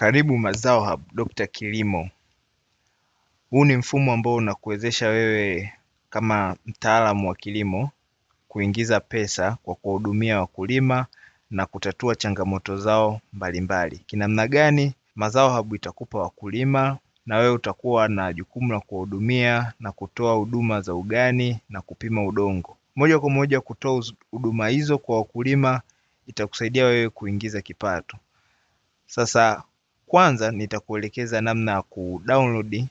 Karibu Mazao Hub Dokta Kilimo. Huu ni mfumo ambao unakuwezesha wewe kama mtaalamu wa kilimo kuingiza pesa kwa kuwahudumia wakulima na kutatua changamoto zao mbalimbali. Kinamna gani? Mazao Hub itakupa wakulima na wewe utakuwa na jukumu la kuwahudumia na kutoa huduma za ugani na kupima udongo. Moja kwa moja kutoa huduma hizo kwa wakulima itakusaidia wewe kuingiza kipato. Sasa kwanza nitakuelekeza namna ya kudownload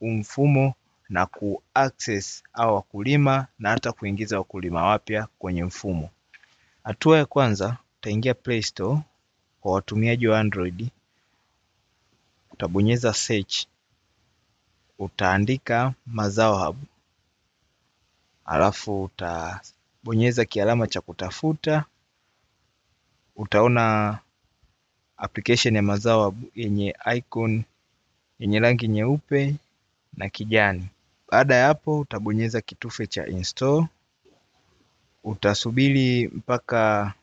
mfumo na kuaccess au wakulima na hata kuingiza wakulima wapya kwenye mfumo. Hatua ya kwanza utaingia Play Store kwa watumiaji wa Android, utabonyeza search, utaandika Mazao Hub, alafu utabonyeza kialama cha kutafuta, utaona Application ya mazao yenye icon yenye rangi nyeupe na kijani. Baada ya hapo utabonyeza kitufe cha install, utasubiri mpaka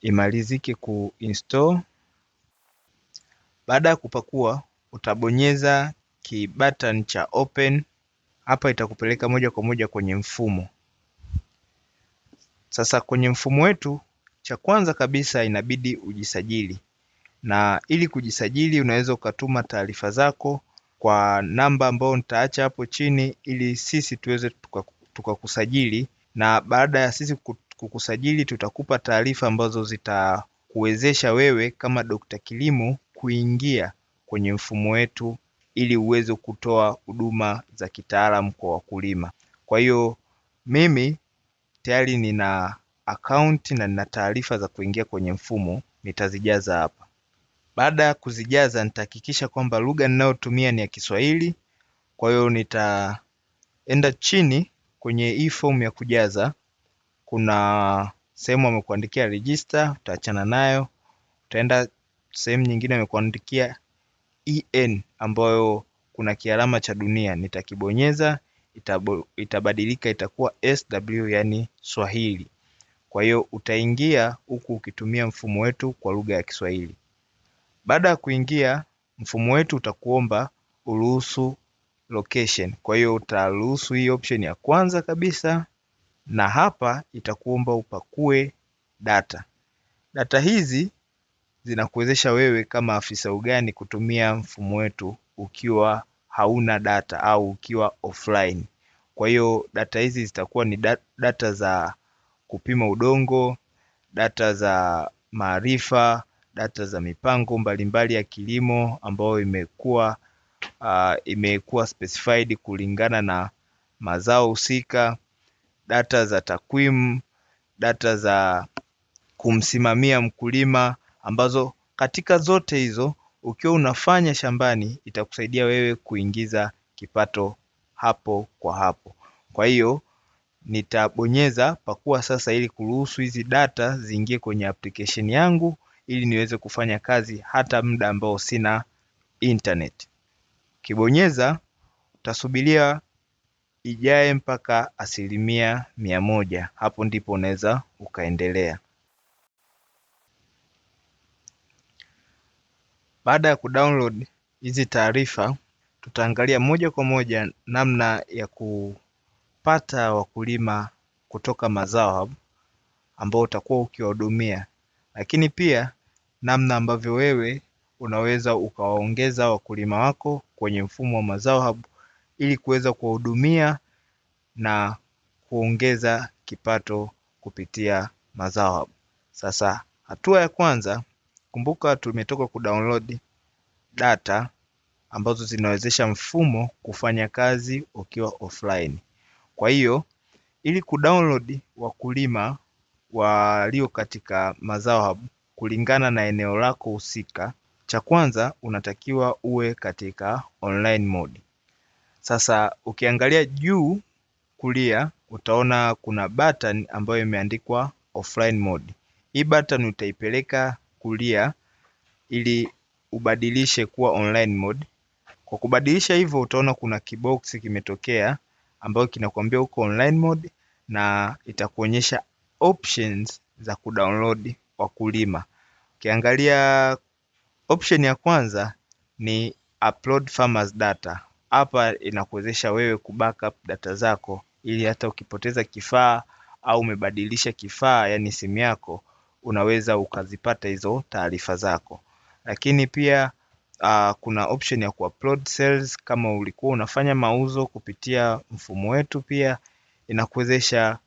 imalizike kuinstall. Baada ya kupakua utabonyeza kibatani cha open, hapa itakupeleka moja kwa moja kwenye mfumo. Sasa kwenye mfumo wetu, cha kwanza kabisa inabidi ujisajili na ili kujisajili unaweza ukatuma taarifa zako kwa namba ambayo nitaacha hapo chini ili sisi tuweze tukakusajili tuka na baada ya sisi kukusajili tutakupa taarifa ambazo zitakuwezesha wewe kama Dokta Kilimo kuingia kwenye mfumo wetu ili uweze kutoa huduma za kitaalamu kwa wakulima. Kwa hiyo mimi tayari nina akaunti na nina taarifa za kuingia kwenye mfumo, nitazijaza hapa. Baada ya kuzijaza nitahakikisha kwamba lugha ninayotumia ni ya Kiswahili, kwa hiyo nitaenda chini kwenye hii fomu ya kujaza, kuna sehemu amekuandikia register, utaachana nayo, utaenda sehemu nyingine amekuandikia en ambayo kuna kialama cha dunia, nitakibonyeza itabadilika itakuwa sw, yani Swahili. Kwa hiyo utaingia huku ukitumia mfumo wetu kwa lugha ya Kiswahili. Baada ya kuingia mfumo wetu utakuomba uruhusu location, kwa hiyo utaruhusu hii option ya kwanza kabisa, na hapa itakuomba upakue data. Data hizi zinakuwezesha wewe kama afisa ugani kutumia mfumo wetu ukiwa hauna data au ukiwa offline. Kwa hiyo data hizi zitakuwa ni data za kupima udongo, data za maarifa data za mipango mbalimbali mbali ya kilimo ambayo imekuwa uh, imekuwa specified kulingana na mazao husika, data za takwimu, data za kumsimamia mkulima, ambazo katika zote hizo ukiwa unafanya shambani itakusaidia wewe kuingiza kipato hapo kwa hapo. Kwa hiyo nitabonyeza pakua sasa ili kuruhusu hizi data ziingie kwenye application yangu ili niweze kufanya kazi hata muda ambao sina internet. Kibonyeza utasubiria ijae mpaka asilimia mia moja, hapo ndipo unaweza ukaendelea. Baada ya kudownload hizi taarifa, tutaangalia moja kwa moja namna ya kupata wakulima kutoka MazaoHub ambao utakuwa ukiwahudumia lakini pia namna ambavyo wewe unaweza ukawaongeza wakulima wako kwenye mfumo wa mazao hub ili kuweza kuwahudumia na kuongeza kipato kupitia mazao hub. Sasa hatua ya kwanza, kumbuka tumetoka kudownload data ambazo zinawezesha mfumo kufanya kazi ukiwa offline. Kwa hiyo ili kudownload wakulima walio katika mazao kulingana na eneo lako husika. Cha kwanza unatakiwa uwe katika online mode. Sasa ukiangalia juu kulia utaona kuna button ambayo imeandikwa offline mode. Hii button utaipeleka kulia ili ubadilishe kuwa online mode. Kwa kubadilisha hivyo, utaona kuna kibox kimetokea ambayo kinakuambia uko online mode na itakuonyesha options za kudownload wakulima. Ukiangalia option ya kwanza ni upload farmers data, hapa inakuwezesha wewe kubackup data zako ili hata ukipoteza kifaa au umebadilisha kifaa, yani simu yako, unaweza ukazipata hizo taarifa zako. Lakini pia uh, kuna option ya kuupload sales kama ulikuwa unafanya mauzo kupitia mfumo wetu, pia inakuwezesha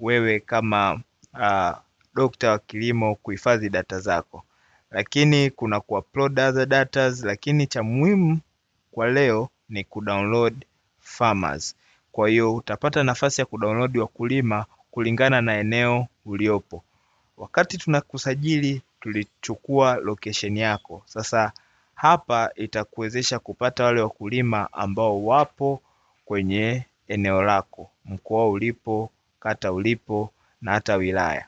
wewe kama uh, dokta wa kilimo kuhifadhi data zako, lakini kuna kuupload other data, lakini cha muhimu kwa leo ni kudownload farmers. Kwa hiyo utapata nafasi ya kudownload wakulima kulingana na eneo uliopo. Wakati tunakusajili tulichukua location yako, sasa hapa itakuwezesha kupata wale wakulima ambao wapo kwenye eneo lako, mkoa ulipo kata ulipo na hata wilaya.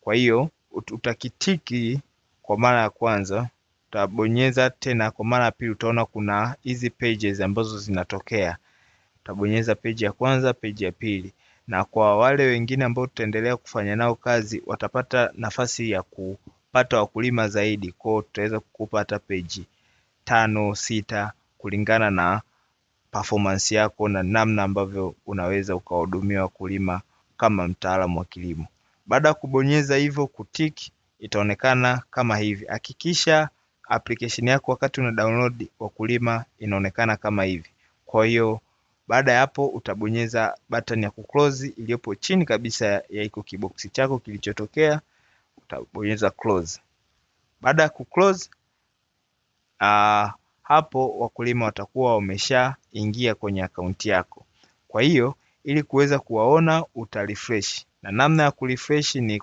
Kwa hiyo utakitiki kwa mara ya kwanza, utabonyeza tena kwa mara ya pili, utaona kuna hizi pages ambazo zinatokea. Utabonyeza page ya kwanza, page ya pili, na kwa wale wengine ambao tutaendelea kufanya nao kazi watapata nafasi ya kupata wakulima zaidi. Kwao tutaweza kukupa hata page tano, sita kulingana na performance yako na namna ambavyo unaweza ukawahudumia wakulima kama mtaalamu wa kilimo. Baada ya kubonyeza hivyo kutick itaonekana kama hivi. Hakikisha application yako wakati una download Wakulima inaonekana kama hivi. Kwa hiyo baada ya hapo utabonyeza button ya kuclose iliyopo chini kabisa ya iko kibox chako kilichotokea, utabonyeza close. Baada ya kuclose uh, hapo wakulima watakuwa wameshaingia kwenye akaunti yako. Kwa hiyo ili kuweza kuwaona utarefresh na namna ya kurefresh ni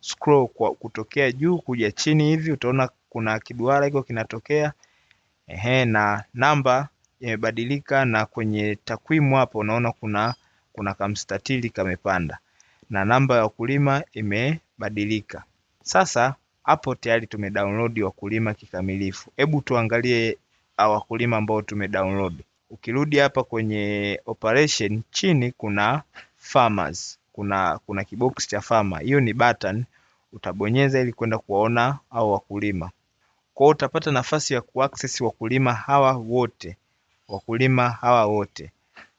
scroll kwa kutokea juu kuja chini hivi utaona kuna kiduara hiko kinatokea ehe, na namba imebadilika na kwenye takwimu hapo unaona kuna kuna kamstatili kamepanda na namba ya wakulima imebadilika. Sasa hapo tayari tumedownload wakulima kikamilifu. Hebu tuangalie wakulima ambao tumedownload. Ukirudi hapa kwenye operation chini kuna farmers, kuna kuna kibox cha farmer. Hiyo ni button utabonyeza ili kwenda kuwaona au wakulima. Kwa hiyo utapata nafasi ya kuaccess wakulima hawa wote, wakulima hawa wote,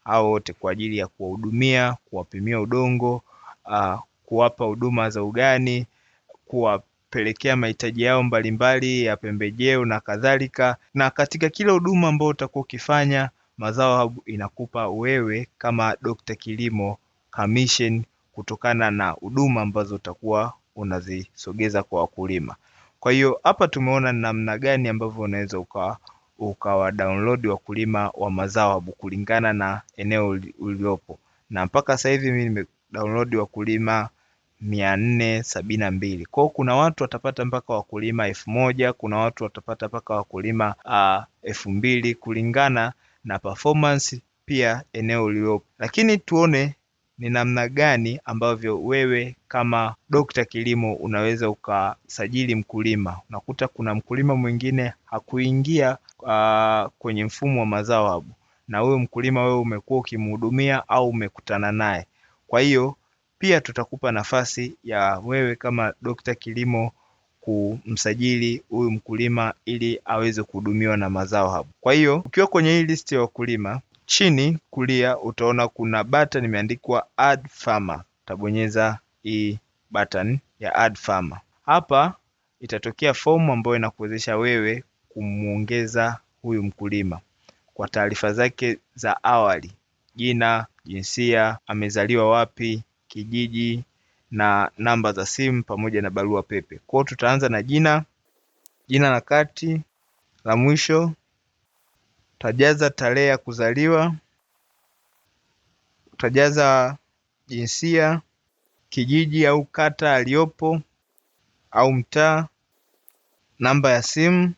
hawa wote kwa ajili ya kuwahudumia, kuwapimia udongo, uh, kuwapa huduma za ugani, kuwapelekea mahitaji yao mbalimbali ya pembejeo na kadhalika. Na katika kila huduma ambayo utakuwa ukifanya Mazao Hub inakupa wewe kama dokta kilimo commission kutokana na huduma ambazo utakuwa unazisogeza kwa wakulima. Kwa hiyo hapa tumeona namna gani ambavyo unaweza uka ukawa download wakulima wa mazao Hub kulingana na eneo uliopo, na mpaka sasa hivi mimi nime download wakulima mia nne sabini na mbili. Kwao kuna watu watapata mpaka wakulima elfu moja kuna watu watapata mpaka wakulima ah, elfu mbili kulingana na performance pia eneo uliopo, lakini tuone ni namna gani ambavyo wewe kama dokta kilimo unaweza ukasajili mkulima. Unakuta kuna mkulima mwingine hakuingia uh, kwenye mfumo wa mazao hub, na huyo mkulima wewe umekuwa ukimhudumia au umekutana naye. Kwa hiyo pia tutakupa nafasi ya wewe kama dokta kilimo kumsajili huyu mkulima ili aweze kuhudumiwa na mazao hapo. Kwa hiyo ukiwa kwenye hii listi ya wakulima, chini kulia utaona kuna button imeandikwa add farmer. Utabonyeza hii button ya add farmer. Hapa itatokea fomu ambayo inakuwezesha wewe kumwongeza huyu mkulima kwa taarifa zake za awali: jina, jinsia, amezaliwa wapi, kijiji na namba za simu pamoja na barua pepe. Kwa hiyo tutaanza na jina, jina la kati la mwisho, tajaza tarehe ya kuzaliwa, utajaza jinsia, kijiji au kata aliyopo au mtaa, namba ya simu.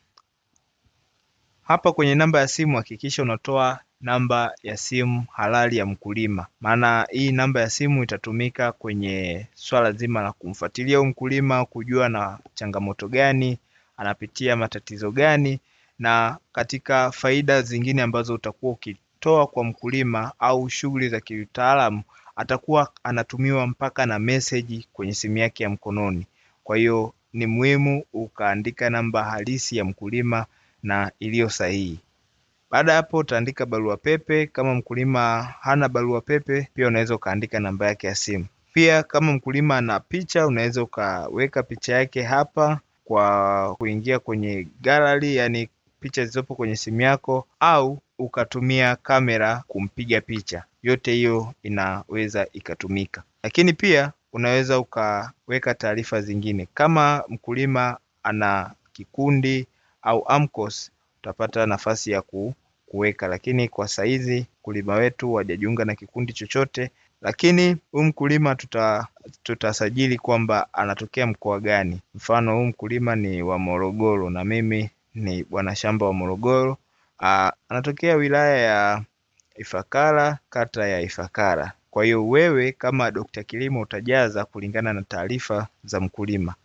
Hapa kwenye namba ya simu hakikisha unatoa namba ya simu halali ya mkulima, maana hii namba ya simu itatumika kwenye swala zima la kumfuatilia huyu mkulima, kujua na changamoto gani anapitia, matatizo gani, na katika faida zingine ambazo utakuwa ukitoa kwa mkulima au shughuli za kiutaalamu, atakuwa anatumiwa mpaka na meseji kwenye simu yake ya mkononi. Kwa hiyo ni muhimu ukaandika namba halisi ya mkulima na iliyo sahihi. Baada ya hapo utaandika barua pepe. Kama mkulima hana barua pepe, pia unaweza ukaandika namba yake ya simu. Pia kama mkulima ana picha, unaweza ukaweka picha yake hapa kwa kuingia kwenye gallery, yani picha zilizopo kwenye simu yako, au ukatumia kamera kumpiga picha. Yote hiyo inaweza ikatumika, lakini pia unaweza ukaweka taarifa zingine. Kama mkulima ana kikundi au AMCOS, utapata nafasi ya ku kuweka, lakini kwa saizi mkulima wetu hajajiunga na kikundi chochote, lakini huyu mkulima tuta tutasajili kwamba anatokea mkoa gani. Mfano, huyu mkulima ni wa Morogoro na mimi ni bwana shamba wa Morogoro. Aa, anatokea wilaya ya Ifakara, kata ya Ifakara. Kwa hiyo wewe kama Dokta Kilimo utajaza kulingana na taarifa za mkulima.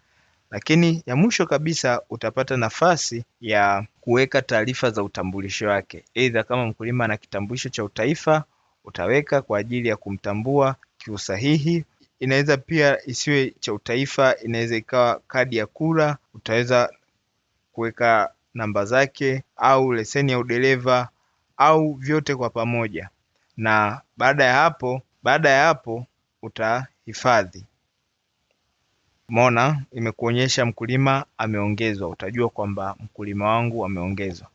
Lakini ya mwisho kabisa utapata nafasi ya kuweka taarifa za utambulisho wake, aidha kama mkulima ana kitambulisho cha utaifa utaweka kwa ajili ya kumtambua kiusahihi. Inaweza pia isiwe cha utaifa, inaweza ikawa kadi ya kura, utaweza kuweka namba zake au leseni ya udereva au vyote kwa pamoja, na baada ya hapo baada ya hapo utahifadhi. Umeona, imekuonyesha mkulima ameongezwa, utajua kwamba mkulima wangu ameongezwa.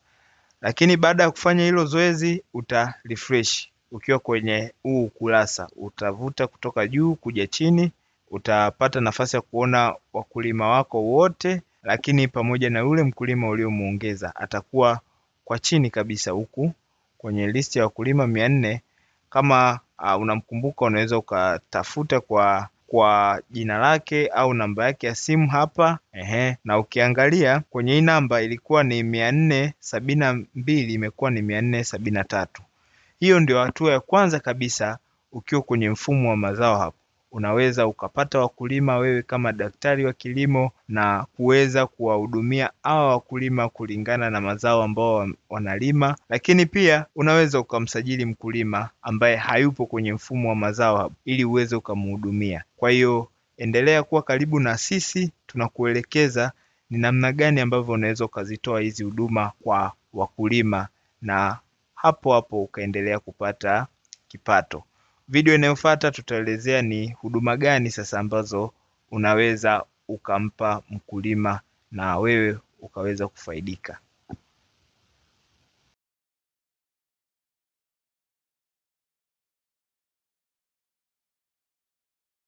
Lakini baada ya kufanya hilo zoezi uta refresh ukiwa kwenye huu ukurasa, utavuta kutoka juu kuja chini, utapata nafasi ya kuona wakulima wako wote, lakini pamoja na yule mkulima uliomuongeza atakuwa kwa chini kabisa huku kwenye listi ya wakulima mia nne. Kama uh, unamkumbuka unaweza ukatafuta kwa kwa jina lake au namba yake ya simu hapa ehe. Na ukiangalia kwenye hii namba ilikuwa ni mia nne sabini na mbili imekuwa ni mia nne sabini na tatu. Hiyo ndio hatua ya kwanza kabisa ukiwa kwenye mfumo wa mazao hapo unaweza ukapata wakulima wewe kama daktari wa kilimo na kuweza kuwahudumia hawa wakulima kulingana na mazao ambao wanalima, lakini pia unaweza ukamsajili mkulima ambaye hayupo kwenye mfumo wa mazao ili uweze ukamhudumia. Kwa hiyo endelea kuwa karibu na sisi, tunakuelekeza ni namna gani ambavyo unaweza ukazitoa hizi huduma kwa wakulima na hapo hapo ukaendelea kupata kipato. Video inayofuata tutaelezea ni huduma gani sasa ambazo unaweza ukampa mkulima na wewe ukaweza kufaidika.